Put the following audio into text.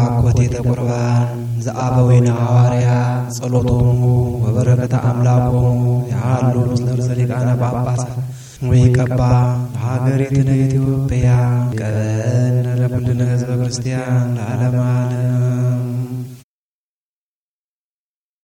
አኮቴተ ቁርባን ዘአበዊነ ሐዋርያ ጸሎቶሙ ወበረከተ አምላኮሙ ያሉ ምስለ ርእሰ ሊቃነ ጳጳሳት ወይቀባ ሀገሬትነ ኢትዮጵያ ቀበን ለምድነ ህዝበ ክርስቲያን ለዓለማን